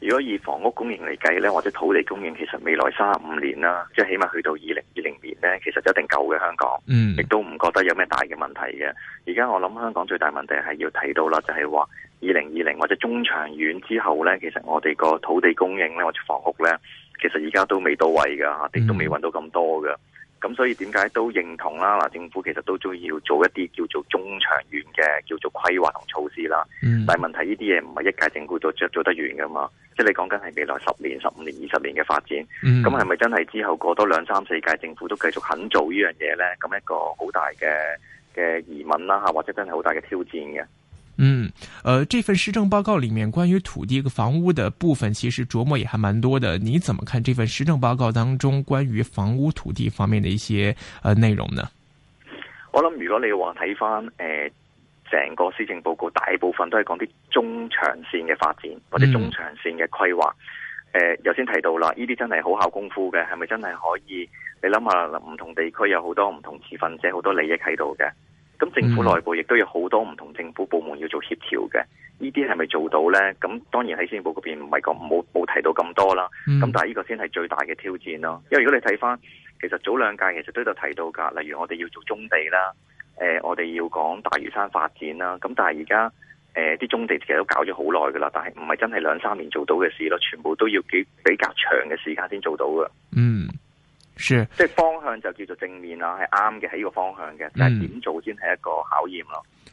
如果以房屋供應嚟計咧，或者土地供應，其實未來三五年啦，即係起碼去到二零二零年咧，其實就一定夠嘅香港，亦都唔覺得有咩大嘅問題嘅。而家我諗香港最大問題係要睇到啦，就係話二零二零或者中長遠之後咧，其實我哋個土地供應咧或者房屋咧，其實而家都未到位噶嚇，亦都未搵到咁多㗎。咁所以點解都認同啦？嗱，政府其實都鍾意要做一啲叫做中長遠嘅叫做規劃同措施啦。嗯，但係問題呢啲嘢唔係一屆政府做做做得完噶嘛？即係你講緊係未來十年、十五年、二十年嘅發展。咁係咪真係之後過多兩三四屆政府都繼續肯做呢樣嘢咧？咁一個好大嘅嘅疑問啦，吓，或者真係好大嘅挑戰嘅。嗯，誒、呃，這份施政報告裏面關於土地和房屋的部分，其實琢磨也還蠻多的。你怎麼看這份施政報告當中關於房屋土地方面的一些、呃、內容呢？我諗如果你話睇翻誒，成、呃、個施政報告大部分都係講啲中長線嘅發展或者中長線嘅規劃。誒、呃，頭先提到啦，呢啲真係好考功夫嘅，係咪真係可以？你諗下，唔同地區有好多唔同持份者，好多利益喺度嘅。咁政府內部亦都有好多唔同政府部門要做協調嘅，呢啲係咪做到呢？咁當然喺施政報告嗰邊唔係講冇冇提到咁多啦。咁但係呢個先係最大嘅挑戰咯。因為如果你睇翻，其實早兩屆其實都有提到㗎，例如我哋要做棕地啦、呃，我哋要講大嶼山發展啦。咁但係而家啲棕地其實都搞咗好耐㗎啦，但係唔係真係兩三年做到嘅事咯，全部都要比較長嘅時間先做到嘅。嗯。是，即係方向就叫做正面啦，係啱嘅，喺呢個方向嘅，但係點做先係一個考驗咯。嗯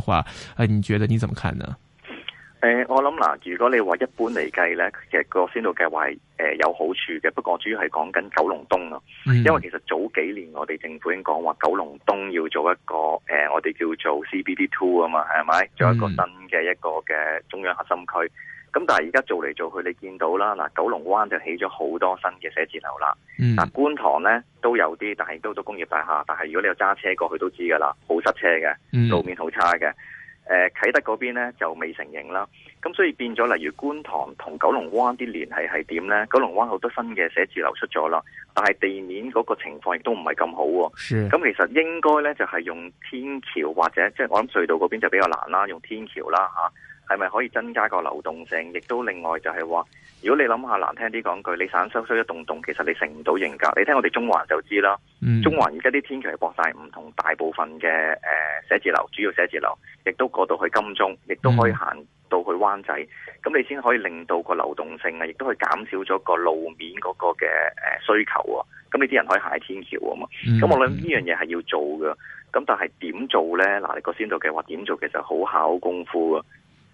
話，誒，你覺得你怎麼看呢？誒、呃，我諗嗱，如果你話一般嚟計呢，其實個先導計劃係有好處嘅，不過主要係講緊九龍東、嗯、因為其實早幾年我哋政府已經講話九龍東要做一個誒、呃，我哋叫做 CBD Two 啊嘛，係咪？做一個新嘅一個嘅中央核心區。嗯咁但係而家做嚟做去，你見到啦，嗱，九龍灣就起咗好多新嘅寫字樓啦。嗱、嗯，但觀塘咧都有啲，但係都到工業大廈。但係如果你有揸車過去都知噶啦，好塞車嘅，路面好差嘅、嗯呃。啟德嗰邊咧就未成型啦。咁所以變咗，例如觀塘同九龍灣啲聯繫係點咧？九龍灣好多新嘅寫字樓出咗啦，但係地面嗰個情況亦都唔係咁好。咁的其實應該咧就係用天橋或者即係、就是、我諗隧道嗰邊就比較難啦，用天橋啦嚇。係咪可以增加個流動性？亦都另外就係話，如果你諗下難聽啲講句，你散修修一棟棟，其實你成唔到型格。你聽我哋中環就知啦。嗯、中環而家啲天橋係駁晒唔同大部分嘅誒寫字樓，主要寫字樓亦都過到去金鐘，亦都可以行到去灣仔。咁、嗯、你先可以令到個流動性啊，亦都可以減少咗個路面嗰個嘅誒、呃、需求咁、啊、你啲人可以行喺天橋啊嘛。咁、嗯、我諗呢樣嘢係要做嘅，咁但係點做呢？嗱，你個先導計劃點做，其實好考功夫、啊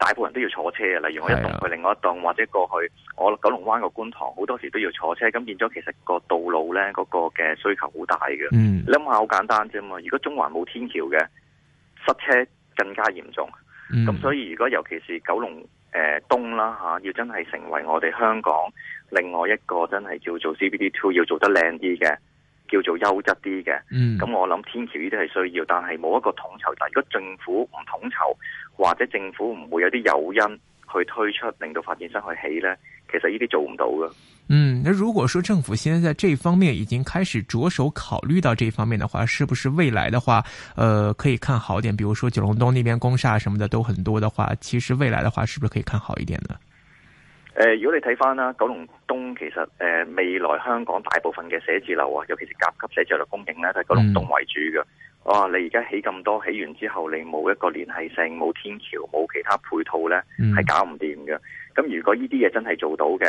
大部分人都要坐車啊，例如我一棟去另外一棟，是的 或者過去我九龍灣個觀塘，好多時都要坐車，咁變咗其實個道路呢，嗰、那個嘅需求好大嘅。嗯、你諗下好簡單啫嘛，如果中環冇天橋嘅，塞車更加嚴重。咁、嗯、所以如果尤其是九龍誒、呃、東啦、啊、要真係成為我哋香港另外一個真係叫做 CBD Two，要做得靚啲嘅。叫做優質啲嘅，咁我諗天橋呢啲係需要，但係冇一個統籌。但係如果政府唔統籌，或者政府唔會有啲誘因去推出，令到發展商去起咧，其實呢啲做唔到㗎。嗯，嗯，那如果說政府現在在這方面已經開始着手考慮到這方面的話，是不是未來的話，呃，可以看好一點？比如說九龍東那邊工廈什麼的都很多的話，其實未來的話是不是可以看好一點呢？誒、呃，如果你睇翻啦，九龍東其實、呃、未來香港大部分嘅寫字樓啊，尤其是甲級寫字樓供應咧，都係九龍東為主嘅。嗯、哇，你而家起咁多，起完之後你冇一個連繫性，冇天橋，冇其他配套咧，係搞唔掂嘅。咁、嗯、如果呢啲嘢真係做到嘅，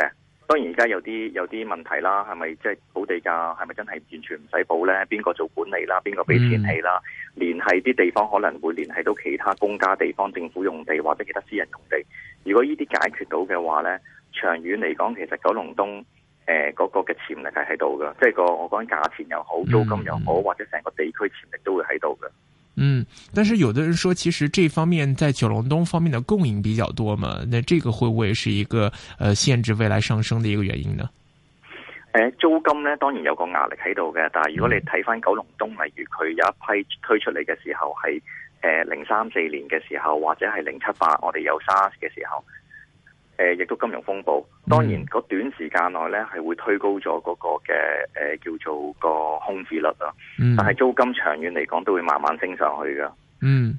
當然而家有啲有啲問題啦，係咪即係補地價？係咪真係完全唔使補咧？邊個做管理啦？邊個俾錢起啦？嗯、連繫啲地方可能會連繫到其他公家地方政府用地或者其他私人用地。如果呢啲解決到嘅話咧，長遠嚟講，其實九龍東誒嗰個嘅潛力係喺度噶，即係個我講價錢又好，租、嗯、金又好，或者成個地區潛力都會喺度噶。嗯，但是有的人說，其實這方面在九龍東方面的供應比較多嘛，那這個會不會是一個誒、呃、限制未來上升的一個原因呢？誒、呃，租金咧當然有個壓力喺度嘅，但係如果你睇返九龍東，例如佢有一批推出嚟嘅時候係誒零三四年嘅時候，或者係零七八，我哋有 SARS 嘅時候。誒，亦都金融風暴，當然個短時間內咧，係會推高咗嗰個嘅誒、呃，叫做個空置率啊。但係租金長遠嚟講都會慢慢升上去噶。嗯。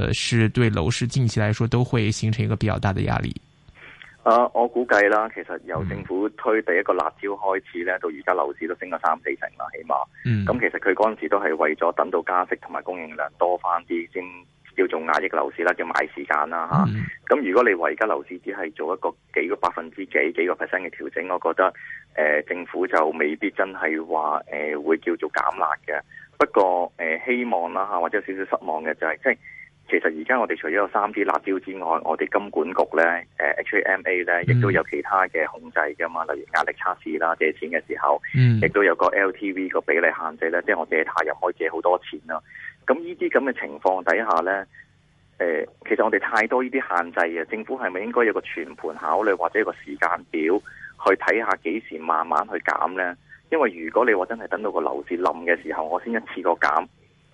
呃，是對樓市近期來說都會形成一個比較大的壓力。啊，我估計啦，其實由政府推第一個辣招開始咧，嗯、到而家樓市都升咗三四成啦，起碼。嗯。咁其實佢嗰陣時都係為咗等到加息同埋供應量多返啲，先叫做壓抑樓市啦，叫買時間啦，吓、嗯。咁、啊、如果你話而家樓市只係做一個幾個百分之幾幾個 percent 嘅調整，我覺得，誒、呃，政府就未必真係話誒會叫做減辣嘅。不過誒、呃，希望啦、啊、吓，或者有少少失望嘅就係、是、即係。其實而家我哋除咗有三支辣招之外，我哋金管局咧，誒，H K M A 咧，亦都有其他嘅控制噶嘛。嗯、例如壓力測試啦，借錢嘅時候，亦都、嗯、有個 L T V 個比例限制咧，即係我借下又可以借好多錢啦。咁呢啲咁嘅情況底下咧，誒，其實我哋太多呢啲限制啊，政府係咪應該有個全盤考慮，或者一個時間表去睇下幾時慢慢去減咧？因為如果你話真係等到個樓市冧嘅時候，我先一次過減，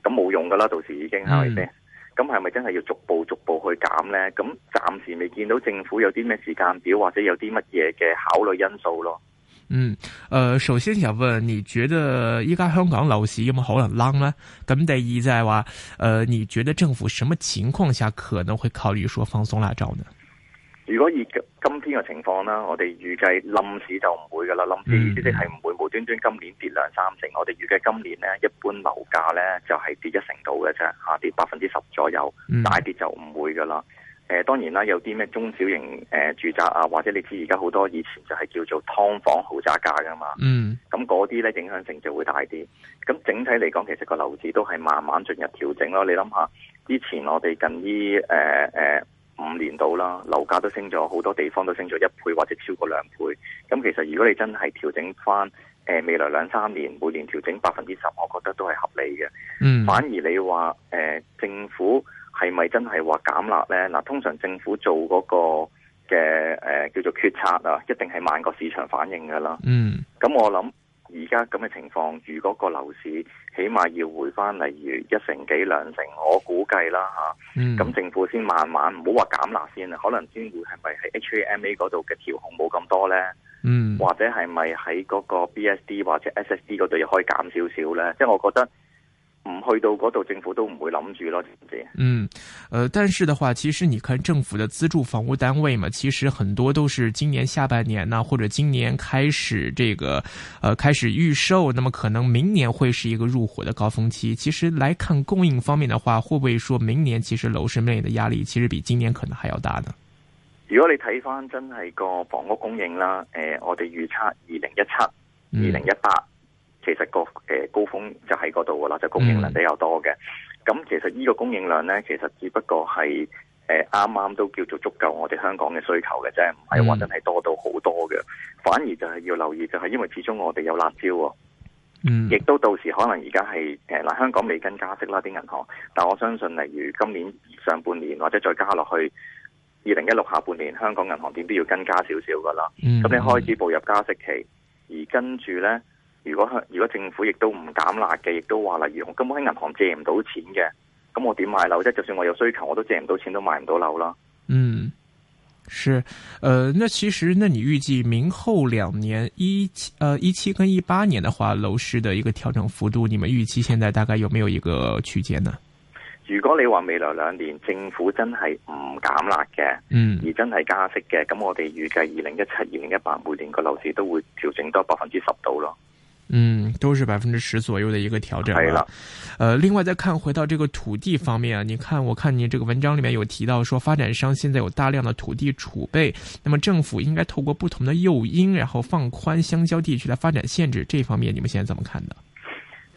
咁冇用噶啦，到時已經係咪先？嗯咁係咪真係要逐步逐步去減呢？咁暫時未見到政府有啲咩時間表，或者有啲乜嘢嘅考慮因素咯。嗯，誒、呃，首先想問，你覺得依家香港樓市有冇可能降呢？咁第二就係話，誒、呃，你覺得政府什麼情況下可能會考慮說放鬆辣招呢？如果以今天嘅情況啦，我哋預計冧市就唔會噶啦，冧市即係唔會無端端今年跌兩三成。我哋預計今年咧，一般樓價咧就係跌一成度嘅啫，下跌百分之十左右，大跌，跌，跌就唔會噶啦。當然啦，有啲咩中小型、呃、住宅啊，或者你知而家好多以前就係叫做劏房豪宅價噶嘛。嗯，咁嗰啲咧影響性就會大啲。咁整體嚟講，其實個樓市都係慢慢進入調整咯。你諗下，之前我哋近呢五年到啦，樓價都升咗，好多地方都升咗一倍或者超過兩倍。咁其實如果你真係調整返、呃，未來兩三年每年調整百分之十，我覺得都係合理嘅。嗯，反而你話、呃、政府係咪真係話減辣呢？嗱，通常政府做嗰個嘅、呃、叫做決策啊，一定係慢過市場反應㗎喇。嗯，咁我諗。而家咁嘅情況，如果個樓市起碼要回翻嚟，例如一成幾兩成，我估計啦嚇，咁政府先慢慢唔好話減辣先啊，可能先會係咪喺 H A M A 嗰度嘅調控冇咁多咧？Mm. 或者係咪喺嗰個 B S D 或者 S S D 嗰度又可以減少少咧？即係我覺得。唔去到嗰度，政府都唔會諗住咯，知唔知？嗯，呃，但是的話，其實你看政府的資助房屋單位嘛，其實很多都是今年下半年呢，啊，或者今年開始這個，呃，開始預售，那麼可能明年會是一個入伙的高峰期。其實來看供應方面的話，會不會說明年其實樓市面臨的壓力其實比今年可能還要大呢？如果你睇翻真係個房屋供應啦，誒，呃，我哋預測二零一七、二零一八。其實個誒高峰就喺嗰度噶啦，就供應量比較多嘅。咁、嗯、其實呢個供應量呢，其實只不過係誒啱啱都叫做足夠我哋香港嘅需求嘅啫，唔係話真係多到好多嘅。反而就係要留意，就係、是、因為始終我哋有辣招、哦，嗯，亦都到時可能而家係誒嗱，香港未跟加息啦啲銀行，但我相信，例如今年上半年或者再加落去二零一六下半年，香港銀行點都要跟加少少噶啦。咁、嗯、你開始步入加息期，而跟住呢。如果如果政府亦都唔減辣嘅，亦都話，例如我根本喺銀行借唔到錢嘅，咁我點買樓啫？就算我有需求，我都借唔到錢了了，都買唔到樓啦。嗯，是，呃，那其實，那你預計明後兩年一七、呃、一七跟一八年的話，樓市的一個調整幅度，你們預期現在大概有沒有一個區間呢？如果你話未來兩年政府真係唔減辣嘅，嗯，而真係加息嘅，咁我哋預計二零一七、二零一八每年個樓市都會調整多百分之十到咯。嗯，都是百分之十左右的一個調整了。對了，呃，另外再看回到這個土地方面啊，你看，我看你這個文章裏面有提到說，發展商現在有大量的土地儲備，那麼政府應該透過不同的誘因，然後放寬相交地區的發展限制，這方面你們現在怎麼看的？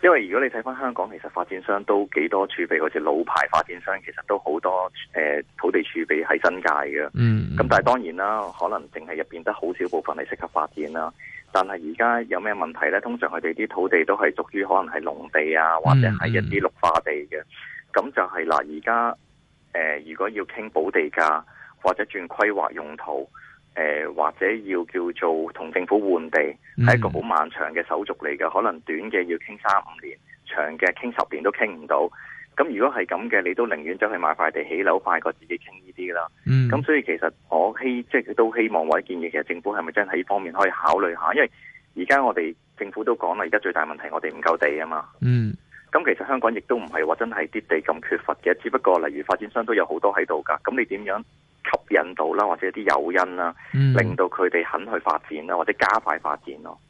因為如果你睇翻香港，其實發展商都幾多儲備，好似老牌發展商，其實都好多、呃、土地儲備喺新界嘅。嗯。咁但係當然啦，可能淨係入邊得好少部分係適合發展啦。但係而家有咩問題呢？通常佢哋啲土地都係屬於可能係農地啊，或者係一啲綠化地嘅。咁、嗯、就係嗱，而家誒，如果要傾補地價，或者轉規劃用途，誒、呃，或者要叫做同政府換地，係一個好漫長嘅手續嚟嘅。可能短嘅要傾三五年，長嘅傾十年都傾唔到。咁如果係咁嘅，你都寧願將佢買塊地，買塊地起樓快過自己傾呢啲啦。咁、嗯、所以其實我希即係都希望或者建議，其實政府係咪真係呢方面可以考慮下？因為而家我哋政府都講啦，而家最大問題我哋唔夠地啊嘛。咁、嗯、其實香港亦都唔係話真係啲地咁缺乏嘅，只不過例如發展商都有好多喺度㗎。咁你點樣吸引到啦，或者啲誘因啦，嗯、令到佢哋肯去發展啦，或者加快發展咯？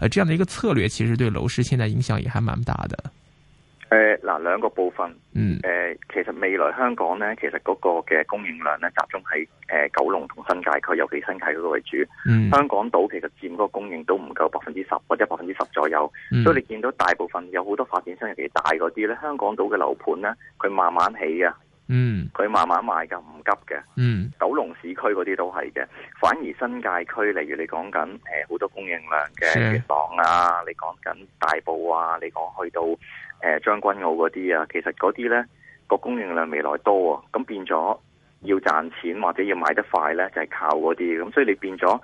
誒，這樣的一個策略其實對樓市現在影響也還蠻大的。誒，嗱，兩個部分，嗯，誒，其實未來香港呢，其實嗰個嘅供應量呢，集中喺誒九龍同新界區，尤其新界嗰個為主。嗯，香港島其實佔嗰個供應都唔夠百分之十或者百分之十左右，所以你見到大部分有好多發展商幾大嗰啲呢，香港島嘅樓盤呢，佢慢慢起啊。嗯，佢慢慢賣噶，唔急嘅。嗯，九龍市區嗰啲都係嘅，反而新界區，例如你講緊誒好多供應量嘅房啊，的你講緊大埔啊，你講去到誒將軍澳嗰啲啊，其實嗰啲呢個供應量未來多啊，咁變咗要賺錢或者要賣得快呢，就係靠嗰啲，咁所以你變咗誒、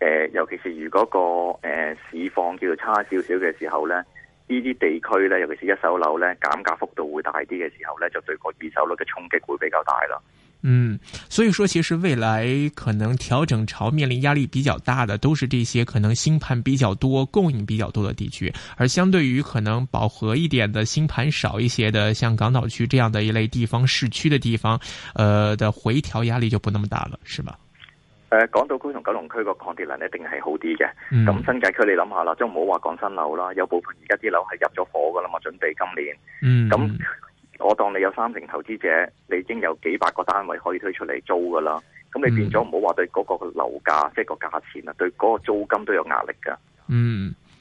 呃，尤其是如果、那個誒、呃、市況叫做差少少嘅時候呢。呢啲地區咧，尤其是一手樓咧，減價幅度會大啲嘅時候咧，就對個二手樓嘅衝擊會比較大咯。嗯，所以說其實未來可能調整潮面臨壓力比較大的，都是這些可能新盤比較多、供應比較多的地區，而相對於可能飽和一點的新盤少一些的，像港島區這樣的一類地方、市區的地方，呃的回調壓力就不那麼大了，是吧？誒，講到港島區同九龍區個抗跌能力一定係好啲嘅。咁、嗯、新界區你諗下啦，即係唔好話講新樓啦，有部分而家啲樓係入咗火噶啦嘛，準備今年。咁、嗯、我當你有三成投資者，你已經有幾百個單位可以推出嚟租噶啦。咁你變咗唔好話對嗰個樓價，即係個價錢啊，對嗰個租金都有壓力噶。嗯。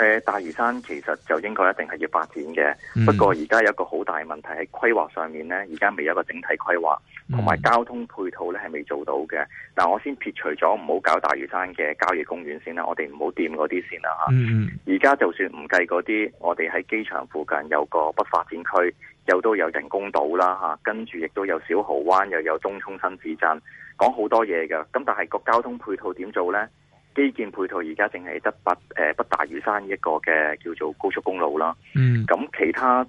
誒、呃，大嶼山其實就應該一定係要發展嘅，不過而家有一個好大問題喺規劃上面呢，而家未有一個整體規劃，同埋交通配套呢係未做到嘅。嗱，我先撇除咗唔好搞大嶼山嘅郊野公園先啦，我哋唔好掂嗰啲先啦吓。而、啊、家、嗯、就算唔計嗰啲，我哋喺機場附近有個不發展區，又都有人工島啦吓，跟住亦都有小蠔灣，又有東涌新市鎮，講好多嘢㗎。咁但係個交通配套點做呢？基建配套而家淨係得北誒、呃、北大嶼山一個嘅叫做高速公路啦，咁、嗯、其他誒、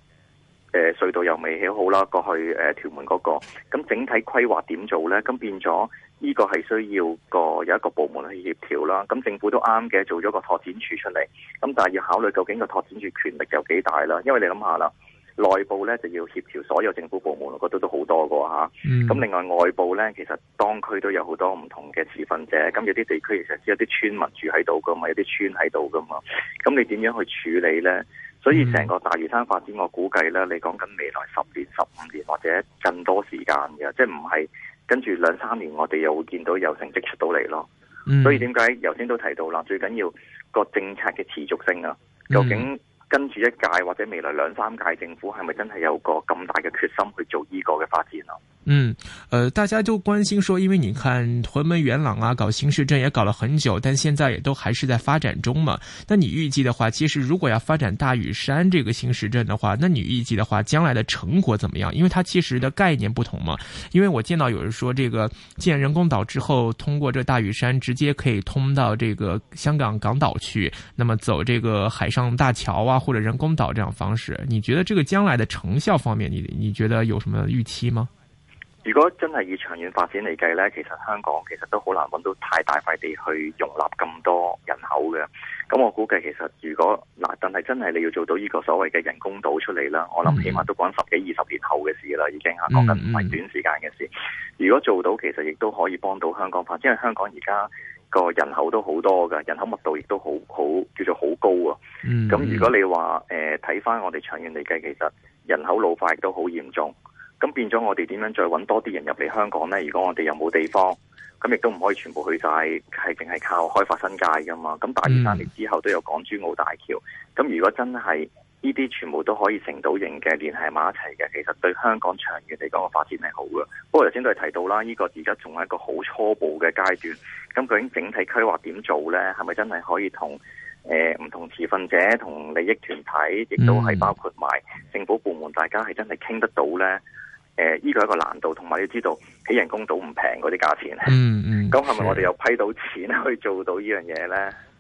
呃、隧道又未起好啦，過去誒屯、呃、門嗰、個，咁整體規劃點做呢？咁變咗呢個係需要個有一個部門去協調啦。咁政府都啱嘅，做咗個拓展處出嚟，咁但係要考慮究竟個拓展處權力有幾大啦？因為你諗下啦。內部咧就要協調所有政府部門，我覺得都好多噶吓。咁、啊嗯、另外外部咧，其實當區都有好多唔同嘅持份者，咁有啲地區其實只有啲村民住喺度噶嘛，有啲村喺度噶嘛。咁你點樣去處理咧？所以成個大嶼山發展，我估計咧，你講緊未來十年、十五年或者更多時間嘅，即係唔係跟住兩三年，我哋又會見到有成績出到嚟咯。嗯、所以點解？頭先都提到啦，最緊要個政策嘅持續性啊，究竟，跟住一屆或者未來兩三屆政府，係咪真係有個咁大嘅決心去做呢個嘅發展咯、啊？嗯、呃，大家都關心說，因為你看屯門元朗啊，搞新市鎮也搞了很久，但現在也都還是在發展中嘛。那你預計的話，其實如果要發展大嶼山這個新市鎮的話，那你預計的話，將來的成果怎麼樣？因為它其實的概念不同嘛。因為我見到有人說，這個建人工島之後，通過這大嶼山直接可以通到這個香港港島去，那麼走這個海上大橋啊。或者人工島這樣方式，你覺得這個將來的成效方面，你你覺得有什麼預期嗎？如果真係以長遠發展嚟計呢，其實香港其實都好難揾到太大塊地去容納咁多人口嘅。咁我估計其實如果嗱，但係真係你要做到呢個所謂嘅人工島出嚟啦，我諗起碼都講十幾二十年後嘅事啦，已經吓講緊唔係短時間嘅事。嗯嗯如果做到，其實亦都可以幫到香港發展，因為香港而家。個人口都好多㗎，人口密度亦都好好，叫做好高啊！咁、mm hmm. 如果你話誒睇翻我哋長遠嚟計，其實人口老化亦都好嚴重，咁變咗我哋點樣再揾多啲人入嚟香港呢？如果我哋又冇地方，咁亦都唔可以全部去晒，係淨係靠開發新界㗎嘛？咁大嶼山呢之後都有港珠澳大橋，咁、mm hmm. 如果真係，呢啲全部都可以成到型嘅聯繫埋一齊嘅，其實對香港長遠嚟講嘅發展係好嘅。不過頭先都係提到啦，呢個而家仲係一個好初步嘅階段。咁究竟整體規劃點做呢？係咪真係可以同誒唔同持份者、同利益團體，亦都係包括埋政府部門，大家係真係傾得到呢？誒、呃，呢個係一個難度，同埋要知道起人工島唔平嗰啲價錢。嗯嗯。咁係咪我哋又批到錢去做到呢樣嘢呢？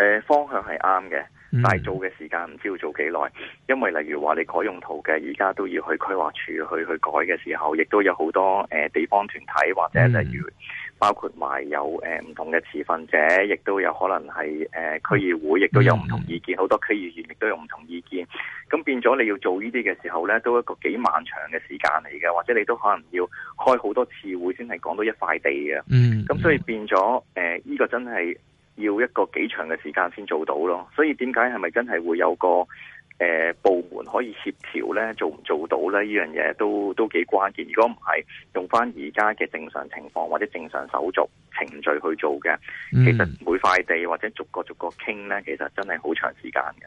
誒，方向係啱嘅，但係做嘅時間唔知要做幾耐，mm hmm. 因為例如話你改用途嘅，而家都要去規劃處去去改嘅時候，亦都有好多誒、呃、地方團體或者例如包括埋有誒唔、呃、同嘅持份者，亦都有可能係誒區議會，亦都有唔同意見，好、mm hmm. 多區議員亦都有唔同意見，咁變咗你要做呢啲嘅時候呢都有一個幾漫長嘅時間嚟嘅，或者你都可能要開好多次會先係講到一塊地嘅，咁、mm hmm. 所以變咗誒呢個真係。要一個幾長嘅時間先做到咯，所以點解係咪真係會有個誒、呃、部門可以協調咧，做唔做到咧？呢樣嘢都都幾關鍵。如果唔係用翻而家嘅正常情況或者正常手續程序去做嘅，其實每塊地或者逐個逐個傾咧，其實真係好長時間嘅。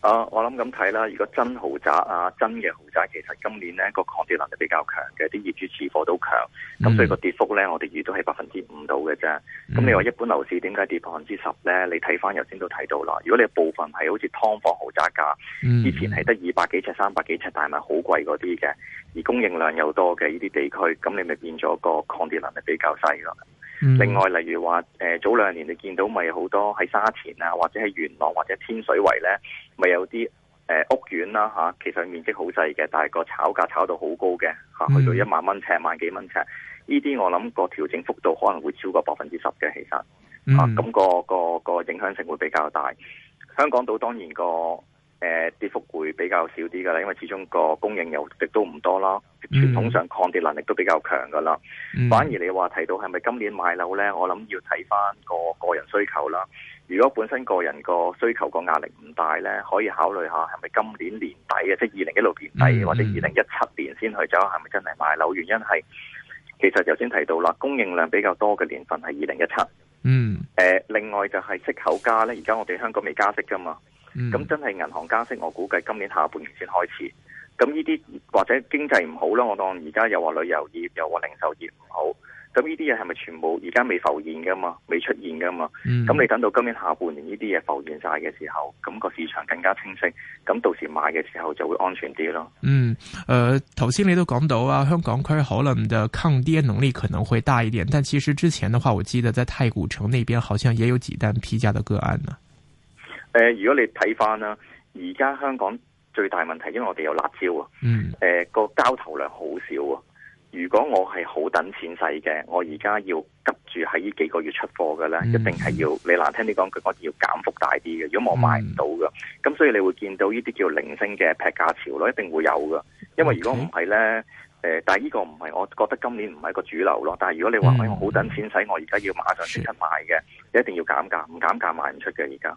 啊，我諗咁睇啦。如果真豪宅啊，真嘅豪宅，其實今年呢個抗跌能力比較強嘅，啲業主持貨都強。咁、嗯、所以個跌幅呢，我哋預都係百分之五到嘅啫。咁、嗯、你話一般樓市點解跌百分之十呢？你睇翻頭先都睇到啦。如果你部分係好似劏房豪宅價，嗯、以前係得二百幾尺、三百幾尺，但係好貴嗰啲嘅，而供應量又多嘅呢啲地區，咁你咪變咗個抗跌能力比較細咯。另外，例如話，誒，早兩年你見到咪好多喺沙田啊，或者喺元朗或者天水圍咧，咪有啲誒屋苑啦吓，其實面積好細嘅，但係個炒價炒到好高嘅吓，去到一萬蚊尺，萬幾蚊尺，呢啲我諗個調整幅度可能會超過百分之十嘅，其實吓咁，嗰個個個影響性會比較大。香港島當然個。誒，跌幅會比較少啲噶啦，因為始終個供應又亦都唔多啦，傳、嗯、統上抗跌能力都比較強噶啦。嗯、反而你話提到係咪今年買樓咧？我諗要睇翻個個人需求啦。如果本身個人個需求個壓力唔大咧，可以考慮下係咪今年年底嘅，即係二零一六年底、嗯、或者二零一七年先去走，係咪真係買樓？原因係其實頭先提到啦，供應量比較多嘅年份係二零一七。嗯。誒，另外就係息口加咧，而家我哋香港未加息噶嘛。咁、嗯、真係銀行加息，我估計今年下半年先開始。咁呢啲或者經濟唔好啦，我當而家又話旅遊業又話零售業唔好。咁呢啲嘢係咪全部而家未浮現噶嘛，未出現噶嘛？咁、嗯、你等到今年下半年呢啲嘢浮現晒嘅時候，咁、那個市場更加清晰。咁到時買嘅時候就會安全啲咯。嗯，誒、呃，頭先你都講到啊，香港區可能嘅抗跌能力可能會大一點，但其實之前的話，我記得在太古城那邊好像也有幾單劈價的個案呢。誒、呃，如果你睇翻啦，而家香港最大問題，因為我哋有辣招啊，誒個、嗯呃、交投量好少啊。如果我係好等錢使嘅，我而家要急住喺呢幾個月出貨嘅咧，嗯、一定係要你難聽啲講句，我哋要減幅大啲嘅。如果我賣唔到嘅，咁、嗯、所以你會見到呢啲叫零星嘅劈價潮咯，一定會有嘅。因為如果唔係咧，誒 Okay?、呃，但係呢個唔係，我覺得今年唔係個主流咯。但係如果你話我好等錢使，嗯、我而家要馬上即刻賣嘅，去一定要減價，唔減價賣唔出嘅而家。